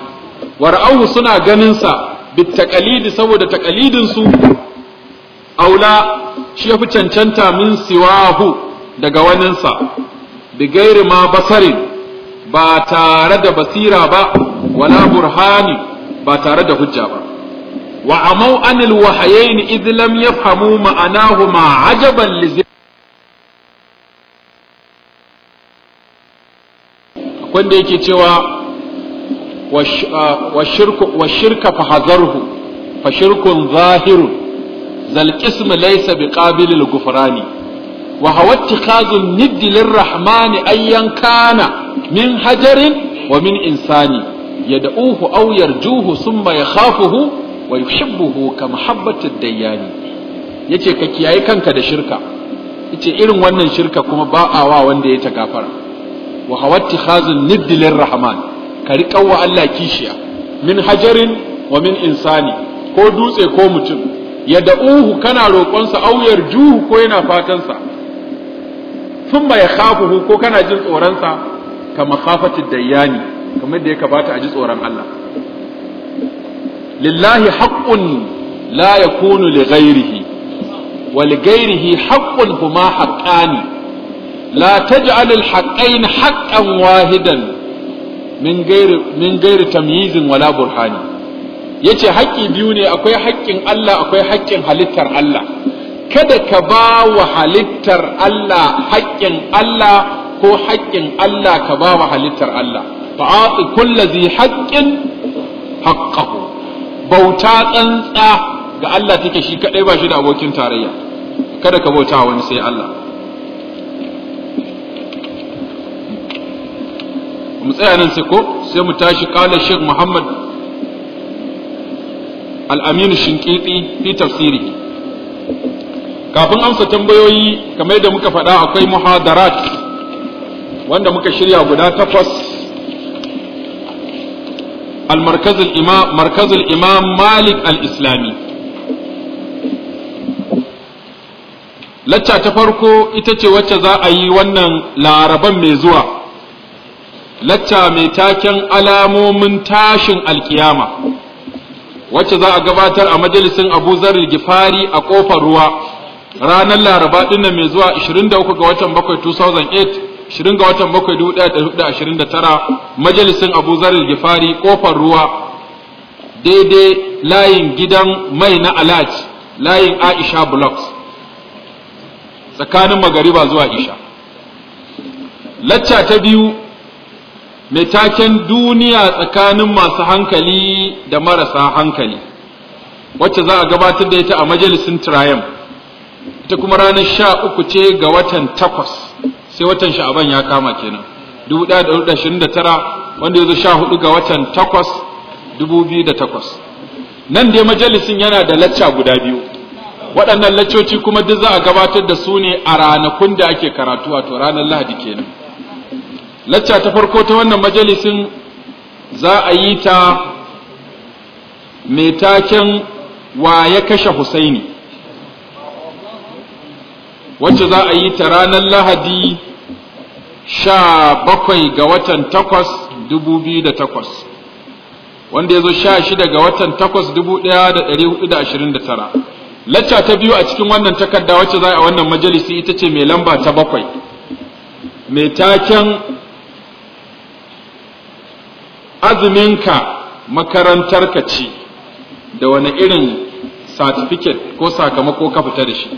Speaker 1: wa ra'awhu suna ganin sa bit taqalidi saboda taqalidin su aula shi ya fi cancanta min siwahu daga waninsa bigairi ma basarin ba tare da basira ba wala burhani ba tare da hujja ba wa amau anil wahayaini idh lam yafhamu ma'anahu ajaban li akwai da yake cewa ah, wa shirka fa hazarhu fa shirkun zahirun zal qism laysa biqabil al ghufrani wa hawa ittikhadhu nidd lirrahmani kana min hajarin wa min insani yad'uhu aw yarjuhu thumma yakhafuhu wa yuhibbuhu ka mahabbati ad-dayani yace ka kiyaye kanka da shirka ice irin wannan shirka kuma ba a wa wanda ya ta gafar, wa hawa ittikhadhu nidd lirrahman ka riƙa Allah kishiya min hajarin wa min insani ko dutse ko mutum ya da'uhu kana roƙonsa auyar juhu ko yana fatansa sun ya khafuhu ko kana jin tsoronsa ka makhafatid dayyani kamar da ya kabata a ji tsoron Allah lillahi haqqun la yakunu li ghairihi wa li ghairihi haqqun huma haqqani la taj'al al haqqain haqqan wahidan min ghairi min ghairi tamyizin wala burhani Ya ce haƙƙi biyu ne akwai haƙƙin Allah akwai haƙƙin halittar Allah kada ka ba wa halittar Allah haƙƙin Allah ko haƙƙin Allah ka ba wa halittar Allah fa'ati kullazi haƙƙin haqqahu bauta tsantsa ga Allah take shi kadai ba shi da abokin tarayya kada ka bauta wani sai Allah mu tsaya nan sai ko sai mu tashi kala Sheikh Muhammad al-amin shinkiti fi tafsiri kafin amsa tambayoyi kamar yadda muka faɗa akwai muhadarat wanda muka shirya guda takwas المركز imam Malik al-Islami. lacca ta farko ita ce wacce za a yi wannan laraban mai zuwa lacca mai taken alamomin tashin alkiyama wacce za a gabatar a majalisin Abu Zarri Gifari a kofar ruwa ranar Laraba dinnan mai zuwa 23 ga watan 7 2008 shirin ga watan 7 2029 majalisin Abu Zarri Gifari kofar ruwa daidai layin gidan mai na Alaj layin Aisha Blocks tsakanin magariba zuwa Isha lacca ta biyu mai taken duniya tsakanin masu hankali da marasa hankali wacce za a gabatar da ita a majalisin triam ita kuma ranar sha uku ce ga watan takwas sai watan sha'aban ya kama kenan 1929 wanda ya zo sha hudu ga watan takwas 2008 nan dai majalisin yana da lacca guda biyu waɗannan laccoci kuma duk za a gabatar da su ne a ranakun da ake karatu wato ranar lahadi kenan lacca ta farko ta wannan majalisin za a yi ta mai taken wa ya kashe Husaini wacce za a yi ta ranar Lahadi sha bakwai ga watan takwas dubu biyu da takwas wanda ya zo sha shida ga watan takwas dubu ɗaya da ɗari hudu da ashirin da tara lacca ta biyu a cikin wannan takarda wacce za a wannan majalisi ita ce mai lamba ta bakwai mai taken azuminka makarantarka ce da wani irin certificate ko sakamako ka fita da shi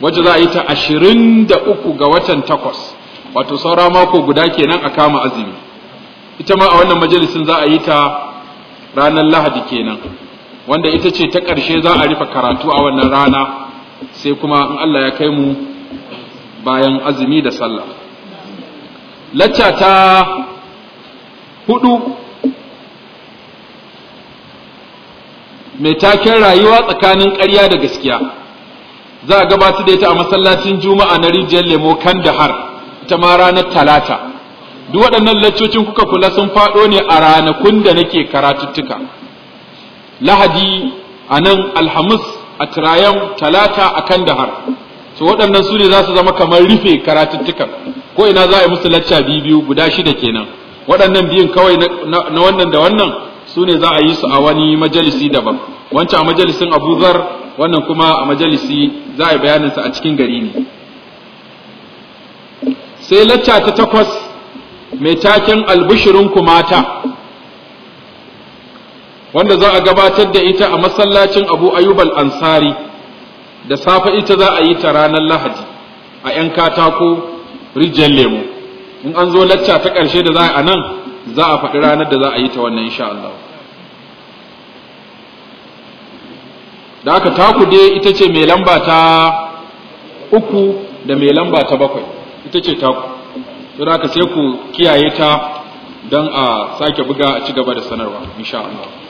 Speaker 1: waje za a yi ta ashirin da uku ga watan takwas wato saura mako guda kenan a kama azumi ita ma a wannan majalisin za a yi ta ranar lahadi kenan wanda ita ce ta ƙarshe za a rufe karatu a wannan rana sai kuma in Allah ya kai mu bayan azumi da sallah lacca ta hudu mai taken rayuwa tsakanin ƙarya da gaskiya za a gabatar da ita a masallacin juma'a na rijiyar lemo kan da har ta ma ranar talata duk waɗannan laccocin kuka kula sun faɗo ne a ranakun da nake karatuttuka lahadi a nan alhamis a tirayen talata a kan da har so waɗannan su ne za su zama kamar rufe karatuttukan ko ina za a yi musu lacca biyu biyu guda shida kenan waɗannan biyun kawai na wannan da wannan su ne za a yi su a wani majalisi daban wancan a majalisin abu zar wannan kuma a majalisi za a yi bayaninsa a cikin gari ne sai lacca ta takwas mai taken ku mata wanda za a gabatar da ita a masallacin abu ayubal ansari da safe ita za a yi ta ranar lahadi a 'yan katako rijiyar lemo in an zo lacca ta karshe da za a nan za a faɗi ranar da za a yi ta wannan insha Allah da aka dai ita ce mai lamba ta uku da mai lamba ta bakwai ita ce taku da aka sai ku kiyaye ta don a sake buga a ci gaba da sanarwa insha Allah